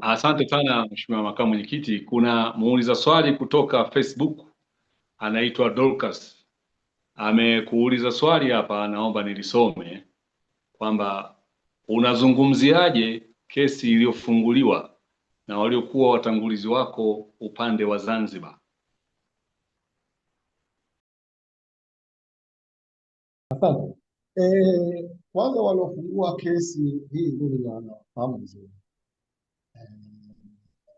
Asante sana mheshimiwa makamu mwenyekiti. Kuna muuliza swali kutoka Facebook anaitwa Dorcas amekuuliza swali hapa, naomba nilisome kwamba unazungumziaje kesi iliyofunguliwa na waliokuwa watangulizi wako upande wa Zanzibar? Asante. Eh, kwanza waliofungua kesi hii mimi nafahamu vizuri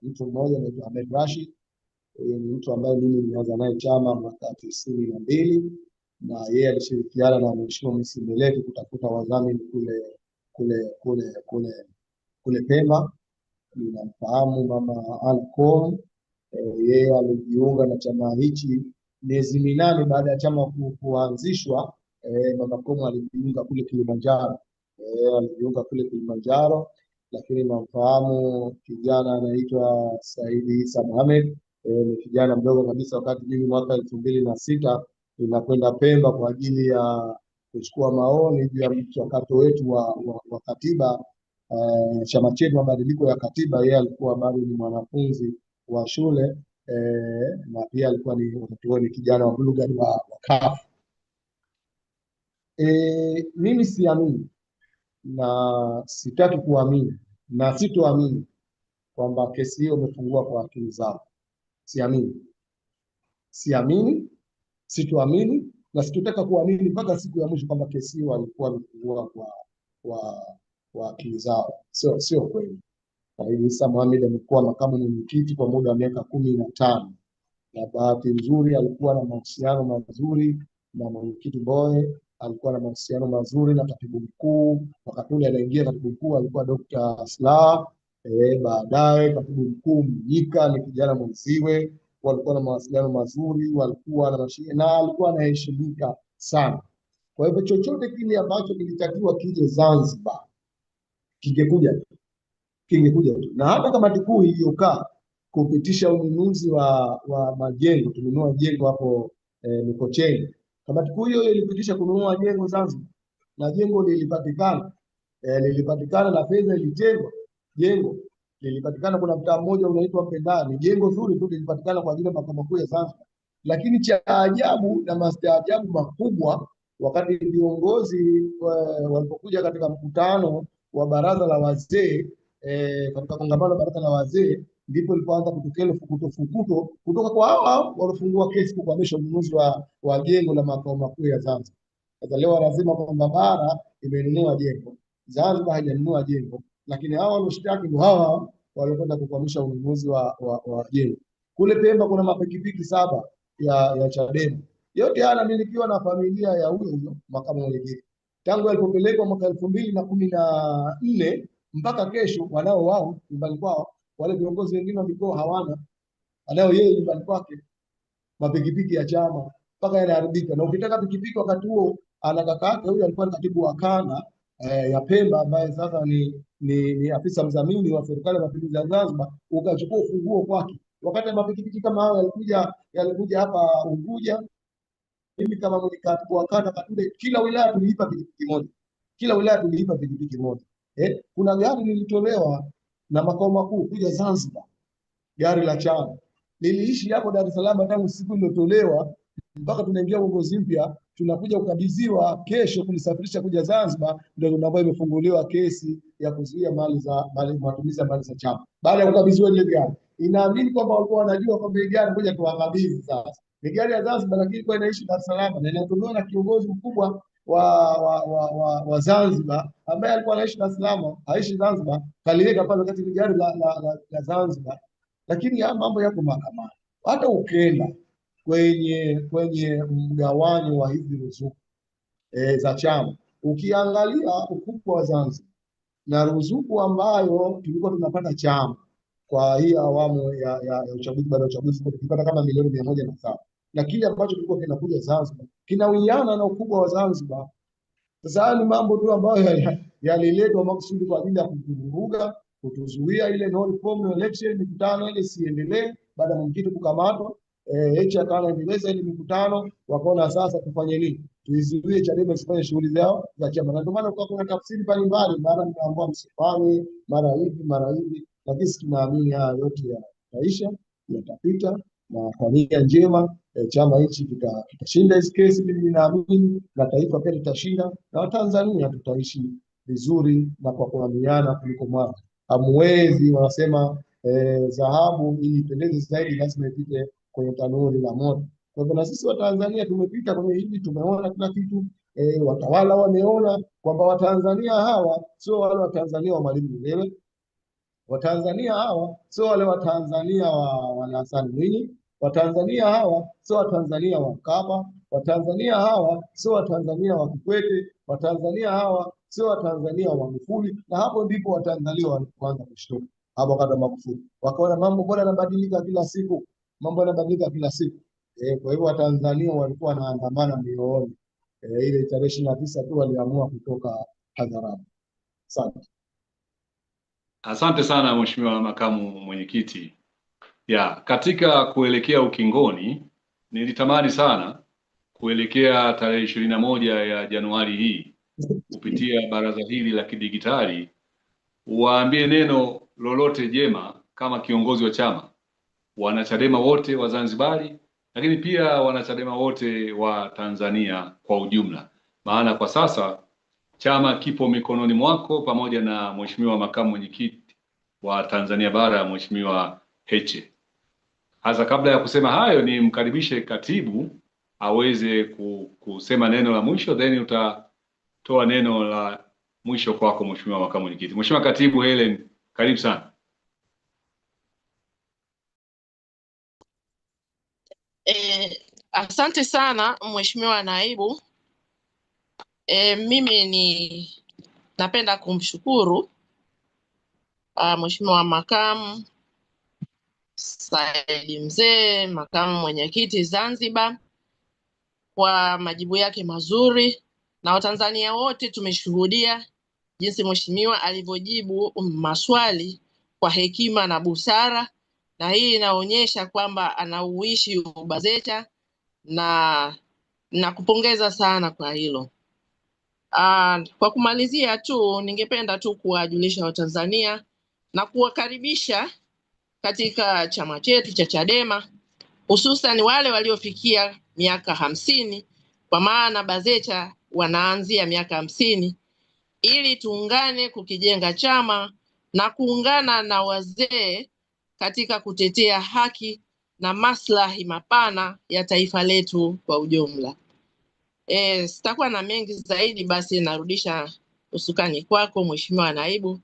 mtu mmoja anaitwa Ahmed Rashid. Huyu ni mtu ambaye mimi nilianza naye chama mwaka tisini na mbili na yeye alishirikiana na mheshimiwa Msimbeleki kutafuta wadhamini kule kule kule kule kule Pemba. Ninamfahamu mama Alcom. Eh, yeye alijiunga na chama hichi miezi minane baada ya chama kuanzishwa. E, mama Komo alijiunga kule Kilimanjaro. E, alijiunga kule Kilimanjaro lakini namfahamu kijana anaitwa Saidi Isa Mohamed. Ni kijana mdogo kabisa, wakati mimi mwaka elfu mbili na sita inakwenda Pemba kwa ajili ya kuchukua maoni juu ya mchakato wetu wa, wa, wa katiba e, chama chetu, mabadiliko ya katiba. Yeye alikuwa bado ni mwanafunzi wa shule e, na pia alikuwa ni wakati huo ni kijana wa blue wa, wa kafu e, eh, mimi siamini na sitaki kuamini na situamini kwamba kesi hiyo imefungua kwa akili zao. Siamini, siamini, situamini na situtaka kuamini mpaka siku ya mwisho kwamba kesi hiyo walikuwa wamefungua kwa kwa kwa akili zao. Sio sio kweli. Said Mohamed amekuwa makamu mwenyekiti kwa muda wa miaka kumi na tano na bahati nzuri alikuwa na mahusiano mazuri na mwenyekiti Mbowe alikuwa na mahusiano mazuri na katibu mkuu. Wakati ule anaingia katibu mkuu alikuwa Dr. Slaa. E, baadaye katibu mkuu Mnyika ni kijana mwenziwe, walikuwa na mawasiliano mazuri, walikuwa na mashine na alikuwa anaheshimika sana. Kwa hivyo chochote kile ambacho kilitakiwa kije Zanzibar kingekuja tu, kingekuja tu. Na hata kamati kuu iliyokaa kupitisha ununuzi wa wa majengo, tununua jengo hapo e, Mikocheni Kamati kuu hiyo ilipitisha kununua jengo Zanzibar na jengo lilipatikana, eh, lilipatikana na fedha ilitengwa. jengo lilipatikana. Kuna mtaa mmoja unaitwa Mpendani, jengo zuri tu lilipatikana kwa ajili ya makao makuu ya Zanzibar. Lakini cha ajabu na mastaajabu makubwa, wakati viongozi eh, walipokuja katika mkutano wa baraza la wazee eh, katika kongamano la baraza la wazee ndipo ilipoanza kutokea ile fukuto kutoka kwa hao hao waliofungua kesi kukwamisha ununuzi wa, wa jengo la makao makuu ya Zanzibar. Sasa leo lazima kwamba bara imenunua jengo, Zanzibar haijanunua jengo, lakini hao walioshtaki ndio hao waliokwenda kukwamisha ununuzi wa, wa, wa jengo. Kule Pemba kuna mapikipiki saba ya, ya Chadema, yote haya yanamilikiwa na familia ya huyo huyo makamu mwenyekiti tangu alipopelekwa mwaka elfu mbili na kumi na nne mpaka kesho, wanao wao nyumbani kwao wale viongozi wengine wa hawana, anayo yeye nyumbani kwake mapikipiki ya chama mpaka yanaharibika. Na ukitaka pikipiki, wakati huo ana kaka yake alikuwa ni katibu wa kana eh, ya Pemba ambaye sasa ni, ni, ni afisa mzamini wa serikali ya mapinduzi ya Zanzibar, ukachukua ufunguo kwake. Wakati mapikipiki kama hayo yalikuja yalikuja hapa Unguja, mimi kama katibu wa kata Katunde, kila wilaya tuliipa pikipiki moja, kila wilaya tuliipa pikipiki moja. Eh, kuna gari lilitolewa na makao makuu kuja Zanzibar, gari la chama. Niliishi hapo Dar es Salaam tangu siku iliyotolewa mpaka tunaingia uongozi mpya, tunakuja kukabidhiwa kesho kunisafirisha kuja Zanzibar, ndio ambayo imefunguliwa kesi ya kuzuia mali za mali, matumizi ya mali za chama. Baada ya kukabidhiwa ile gari, inaamini kwamba walikuwa wanajua kwamba ile gari ngoja tuwakabidhi sasa. Ni gari ya Zanzibar, lakini kwa inaishi Dar es Salaam na inatumiwa na kiongozi mkubwa wa wa, wa, wa, wa Zanzibar ambaye alikuwa anaishi Dar es Salaam, aishi Zanzibar, kaliweka pale ya gari la, la, la, la Zanzibar, lakini ya mambo yako mahakamani. Hata ukenda kwenye kwenye mgawanyo wa hizi ruzuku e, za chama, ukiangalia ukubwa wa Zanzibar na ruzuku ambayo tulikuwa tunapata chama kwa hii awamu ya, ya, ya uchaguzi baada ya uchaguzi tulipata kama milioni mia moja na na kile ambacho kilikuwa kinakuja Zanzibar kinawiana na ukubwa wa Zanzibar. Sasa ni mambo tu ambayo yaliletwa ya makusudi kwa ajili ya kuvuruga, kutuzuia ile no reform no election, mikutano ile siendelee baada ya mwenyekiti kukamatwa. Heche eh, akaendeleza ile mikutano, wakaona sasa tufanye nini? Tuizuie Chadema isifanye shughuli zao za chama, na ndio maana kwa kuna tafsiri mbalimbali, mara mnaambiwa msifanye, mara hivi, mara hivi, lakini tunaamini haya yote yataisha, yatapita na kwa nia njema e, chama hichi kitashinda hizi kesi, mimi ninaamini, na taifa pia litashinda na Watanzania tutaishi vizuri na kwa kuaminiana kuliko mwaka. Hamwezi wanasema e, dhahabu ili ipendeze zaidi lazima ipite kwenye tanuri la moto. Kwa hivyo na sisi Watanzania tumepita kwenye hili, tumeona kila kitu. E, watawala wameona kwamba Watanzania hawa sio wale Watanzania wa Mwalimu Nyerere, Watanzania hawa sio wale Watanzania wa Hassan Mwinyi Watanzania hawa sio Watanzania wa Mkapa, Watanzania hawa sio Watanzania wa Kikwete, Watanzania hawa sio Watanzania wa Magufuli. Na hapo ndipo Watanzania walipoanza kushtuka hapo kada Magufuli, wakaona mambo bora yanabadilika kila siku, mambo yanabadilika kila siku e. Kwa hivyo Watanzania walikuwa wanaandamana mioyoni e, ile tarehe ishirini na tisa tu waliamua kutoka hadharani. Asante, asante sana mheshimiwa makamu mwenyekiti. Ya, katika kuelekea ukingoni nilitamani sana kuelekea tarehe ishirini na moja ya Januari hii kupitia baraza hili la kidigitali waambie neno lolote jema kama kiongozi wa chama, wanachadema wote wa Zanzibari, lakini pia wanachadema wote wa Tanzania kwa ujumla, maana kwa sasa chama kipo mikononi mwako pamoja na mheshimiwa makamu mwenyekiti wa Tanzania Bara, mheshimiwa Heche. Hasa kabla ya kusema hayo, ni mkaribishe katibu aweze kusema neno la mwisho, then utatoa neno la mwisho kwako, mheshimiwa makamu mwenyekiti. Mheshimiwa katibu Helen, karibu sana. Eh, asante sana mheshimiwa naibu. Eh, mimi ni napenda kumshukuru uh, mheshimiwa makamu Saidi Mzee, makamu mwenyekiti Zanzibar, kwa majibu yake mazuri, na Watanzania wote tumeshuhudia jinsi mheshimiwa alivyojibu maswali kwa hekima na busara, na hii inaonyesha kwamba anauishi UBAZETA na nakupongeza sana kwa hilo. Uh, kwa kumalizia tu ningependa tu kuwajulisha Watanzania na kuwakaribisha katika chama chetu cha Chadema hususan wale waliofikia miaka hamsini kwa maana Bazecha wanaanzia miaka hamsini ili tuungane kukijenga chama na kuungana na wazee katika kutetea haki na maslahi mapana ya taifa letu kwa ujumla. E, sitakuwa na mengi zaidi, basi narudisha usukani kwako Mheshimiwa Naibu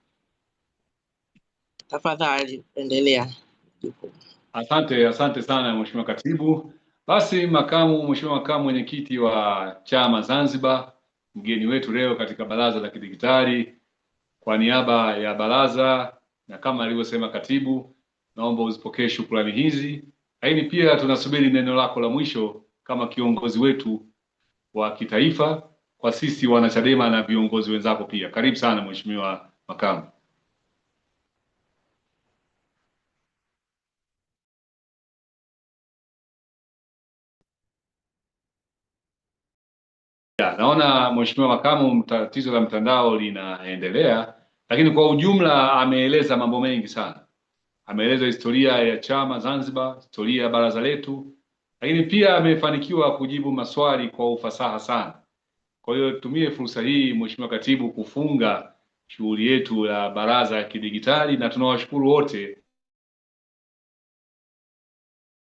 Tafadhali endelea. Asante, asante sana mheshimiwa katibu. Basi makamu, mheshimiwa makamu mwenyekiti wa chama Zanzibar, mgeni wetu leo katika baraza la kidigitali, kwa niaba ya baraza na kama alivyosema katibu, naomba uzipokee shukrani hizi, lakini pia tunasubiri neno lako la mwisho kama kiongozi wetu wa kitaifa kwa sisi wanachadema na viongozi wenzako pia. Karibu sana mheshimiwa makamu. Ya, naona Mheshimiwa Makamu, tatizo la mtandao linaendelea, lakini kwa ujumla ameeleza mambo mengi sana. Ameeleza historia ya chama Zanzibar, historia ya baraza letu, lakini pia amefanikiwa kujibu maswali kwa ufasaha sana. Kwa hiyo tumie fursa hii Mheshimiwa Katibu kufunga shughuli yetu ya baraza ya kidigitali, na tunawashukuru wote